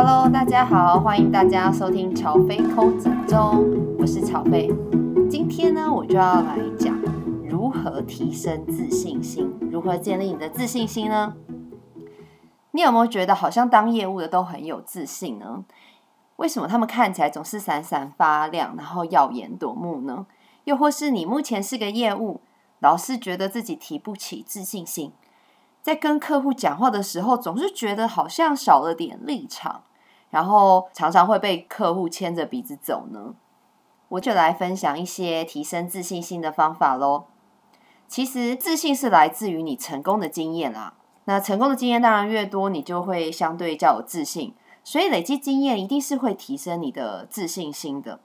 Hello，大家好，歡迎大家收聽喬飛摳子中，我是喬飛。今天呢，我就要來講如何提升自信心，如何建立你的自信心呢？你有沒有覺得好像當業務的都很有自信呢？為什麼他們看起來總是閃閃發亮，然後耀眼奪目呢？又或是你目前是個業務，老是覺得自己提不起自信心，在跟客戶講話的時候，總是覺得好像少了點立場。然後常常會被客戶牽着鼻子走呢，我就來分享一些提升自信心的方法嘍。其實自信是來自於你成功的經驗啦，那成功的經驗當然越多，你就會相對較有自信。所以累積經驗一定是會提升你的自信心的。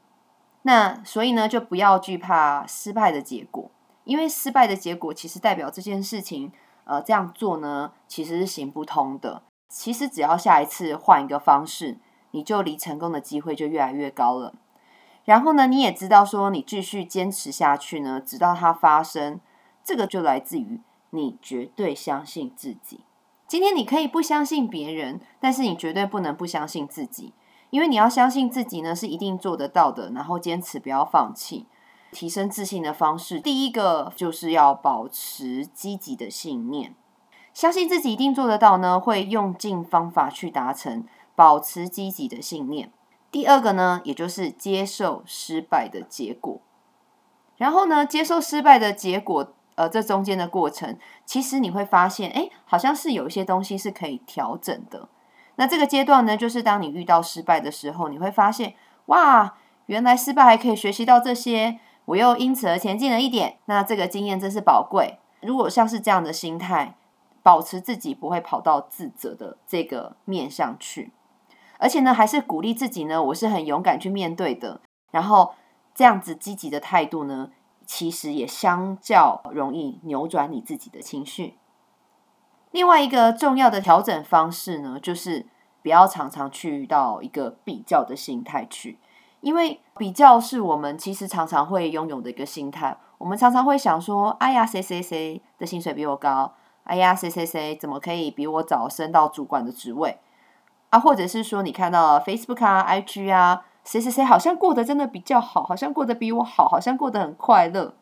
那所以呢，就不要懼怕失敗的結果，因為失敗的結果其實代表這件事情，呃，這樣做呢其實是行不通的。其實只要下一次換一個方式，你就離成功的機會就越來越高了。然後呢，你也知道說，你繼續堅持下去呢，直到它發生，這個就來自於你絕對相信自己。今天你可以不相信別人，但是你絕對不能不相信自己，因為你要相信自己呢是一定做得到的，然後堅持不要放棄。提升自信的方式，第一個就是要保持積極的信念。相信自己一定做得到呢，會用盡方法去達成，保持積極的信念。第二個呢，也就是接受失敗的結果。然後呢，接受失敗的結果，呃，這中間的過程，其實你會發現，誒，好像是有一些東西是可以調整的。那這個階段呢，就是當你遇到失敗的時候，你會發現，哇，原來失敗還可以學習到這些，我又因此而前進了一點。那這個經驗真是寶貴。如果像是這樣的心態。保持自己不會跑到自責的這個面上去，而且呢，還是鼓勵自己呢。我是很勇敢去面對的。然後這樣子積極的態度呢，其實也相較容易扭轉你自己的情緒。另外一個重要的調整方式呢，就是不要常常去到一個比較的心態去，因為比較是我們其實常常會擁有的一個心態。我們常常會想說：“哎呀，誰誰誰的薪水比我高。”哎呀，誰誰誰怎麼可以比我早升到主管的職位？啊，或者是說你看到 Facebook 啊、IG 啊，誰誰誰好像過得真的比較好，好像過得比我好，好像過得很快樂。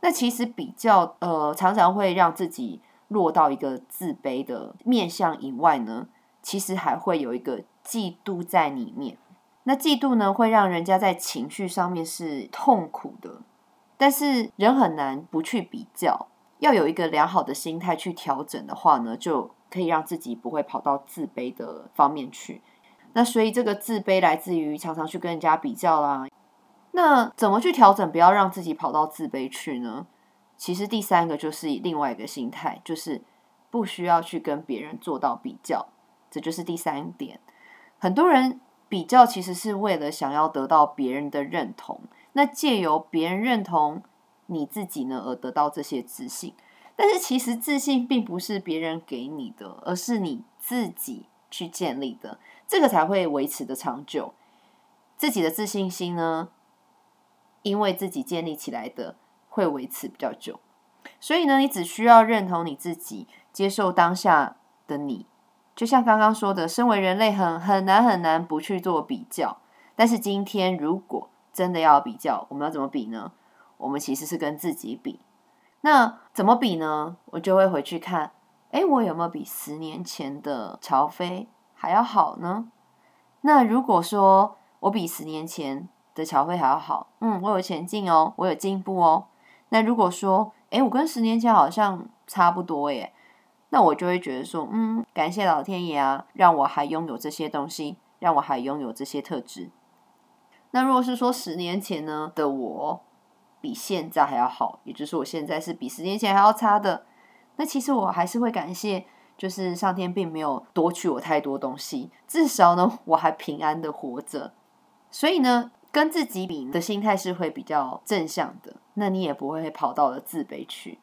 那其實比較呃，常常會讓自己落到一個自卑的面向以外呢，其實還會有一個嫉妒在裡面。那嫉妒呢，會讓人家在情緒上面是痛苦的，但是人很難不去比較。要有一個良好的心態去調整的話呢，就可以讓自己不會跑到自卑的方面去。那所以這個自卑來自於常常去跟人家比較啦。那怎麼去調整，不要讓自己跑到自卑去呢？其實第三個就是另外一個心態，就是不需要去跟別人做到比較，這就是第三點。很多人比較其實是為了想要得到別人的認同，那借由別人認同。你自己呢，而得到這些自信，但是其實自信並不是別人給你的，而是你自己去建立的，這個才會維持的長久。自己的自信心呢，因為自己建立起來的，會維持比較久。所以呢，你只需要認同你自己，接受當下的你。就像剛剛說的，身為人類，很很難很難不去做比較，但是今天如果真的要比較，我們要怎麼比呢？我們其實是跟自己比，那怎麼比呢？我就會回去看，哎，我有沒有比十年前的喬飛還要好呢？那如果說我比十年前的喬飛還要好，嗯，我有前進哦，我有進步哦。那如果說，哎，我跟十年前好像差不多耶，那我就會覺得說，嗯，感謝老天爺啊，讓我還擁有這些東西，讓我還擁有這些特質。那如果是說十年前呢的我？比現在還要好，也就是我現在是比十年前還要差的。那其實我還是會感謝，就是上天並沒有奪取我太多東西，至少呢我還平安的活着。所以呢，跟自己比的心態是會比較正向的，那你也不會跑到了自卑去。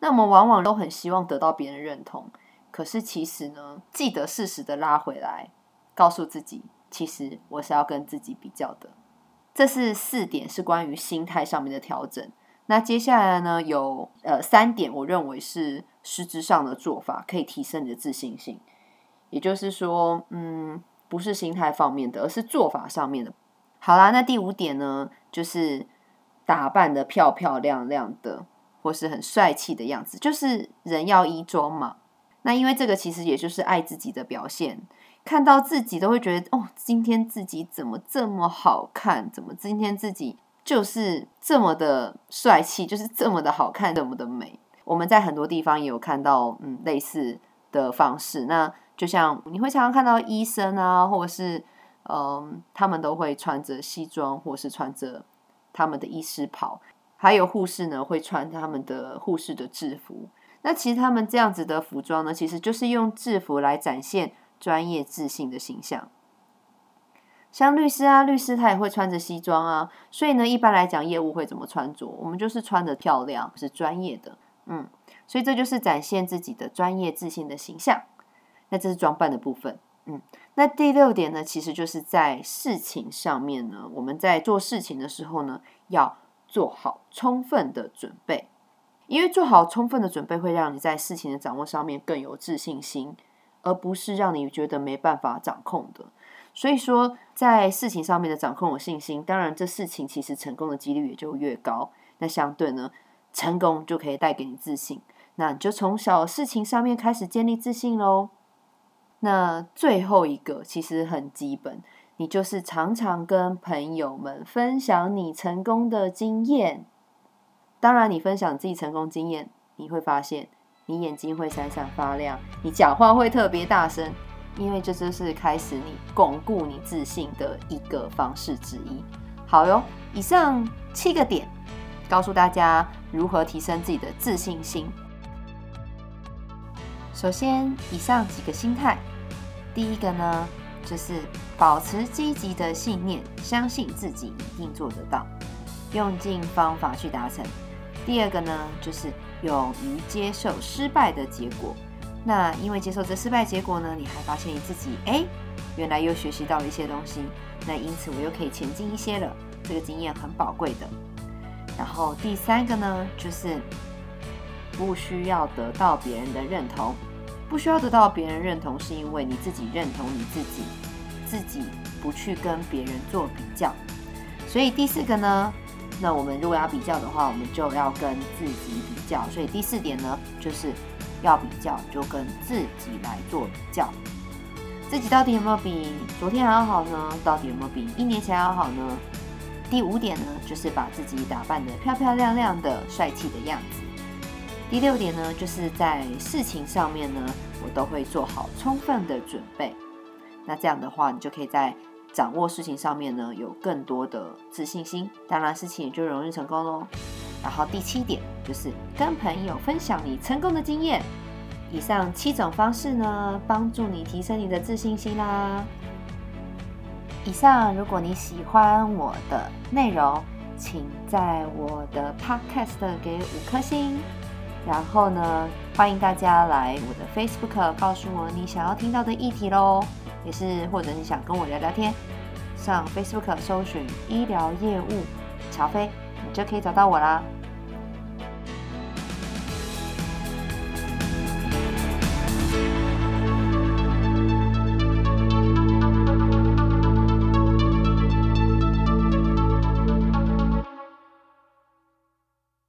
那我們往往都很希望得到別人認同，可是其實呢，記得適時的拉回來，告訴自己，其實我是要跟自己比較的。這是四點，是關於心態上面的調整。那接下來呢，有呃三點，我認為是實質上的做法，可以提升你的自信心。也就是說，嗯，不是心態方面的，而是做法上面的。好啦，那第五點呢，就是打扮得漂漂亮亮的，或是很帥氣的樣子，就是人要衣裝嘛。那因為這個其實也就是愛自己的表現。看到自己都會覺得哦，今天自己怎麼這麼好看？怎麼今天自己就是這麼的帥氣，就是這麼的好看，這麼的美？我們在很多地方也有看到，嗯，類似的方式。那就像你會常常看到醫生啊，或者是嗯，他們都會穿着西裝，或是穿着他們的醫師袍，還有護士呢，會穿他們的護士的制服。那其實他們這樣子的服裝呢，其實就是用制服來展現。專業自信的形象，像律師啊，律師他也會穿着西裝啊，所以呢，一般來講業務會怎麼穿着？我們就是穿得漂亮，是專業的，嗯，所以這就是展現自己的專業自信的形象。那這是裝扮的部分，嗯，那第六點呢，其實就是在事情上面呢，我們在做事情的時候呢，要做好充分的準備，因為做好充分的準備會讓你在事情的掌握上面更有自信心。而不是讓你覺得沒辦法掌控的，所以說在事情上面的掌控有信心，當然這事情其實成功的幾率也就越高。那相對呢，成功就可以帶給你自信，那你就從小事情上面開始建立自信嘍。那最後一個其實很基本，你就是常常跟朋友們分享你成功的經驗。當然，你分享自己成功經驗，你會發現。你眼睛會閃閃發亮，你講話會特別大聲，因為這就是開始你鞏固你自信的一個方式之一。好喲，以上七個點，告訴大家如何提升自己的自信心。首先，以上幾個心態，第一個呢，就是保持積極的信念，相信自己一定做得到，用盡方法去達成。第二個呢，就是。勇於接受失敗的結果，那因為接受這失敗結果呢，你還發現你自己哎，原來又學習到了一些東西，那因此我又可以前進一些了，這個經驗很寶貴的。然後第三個呢，就是不需要得到別人的認同，不需要得到別人認同，是因為你自己認同你自己，自己不去跟別人做比較。所以第四個呢？那我們如果要比較的話，我們就要跟自己比較。所以第四點呢，就是要比較，就跟自己來做比較。自己到底有沒有比昨天還要好呢？到底有沒有比一年前要好呢？第五點呢，就是把自己打扮得漂漂亮亮的、帥氣的樣子。第六點呢，就是在事情上面呢，我都會做好充分的準備。那這樣的話，你就可以在掌握事情上面呢，有更多的自信心，當然事情也就容易成功咯。然後第七點就是跟朋友分享你成功的經驗。以上七種方式呢，幫助你提升你的自信心啦。以上如果你喜歡我的內容，請在我的 Podcast 給五顆星。然後呢，歡迎大家來我的 Facebook 告訴我你想要聽到的議題咯，也是或者你想跟我聊聊天。上 Facebook 搜尋醫療業務，喬飛，你就可以找到我啦。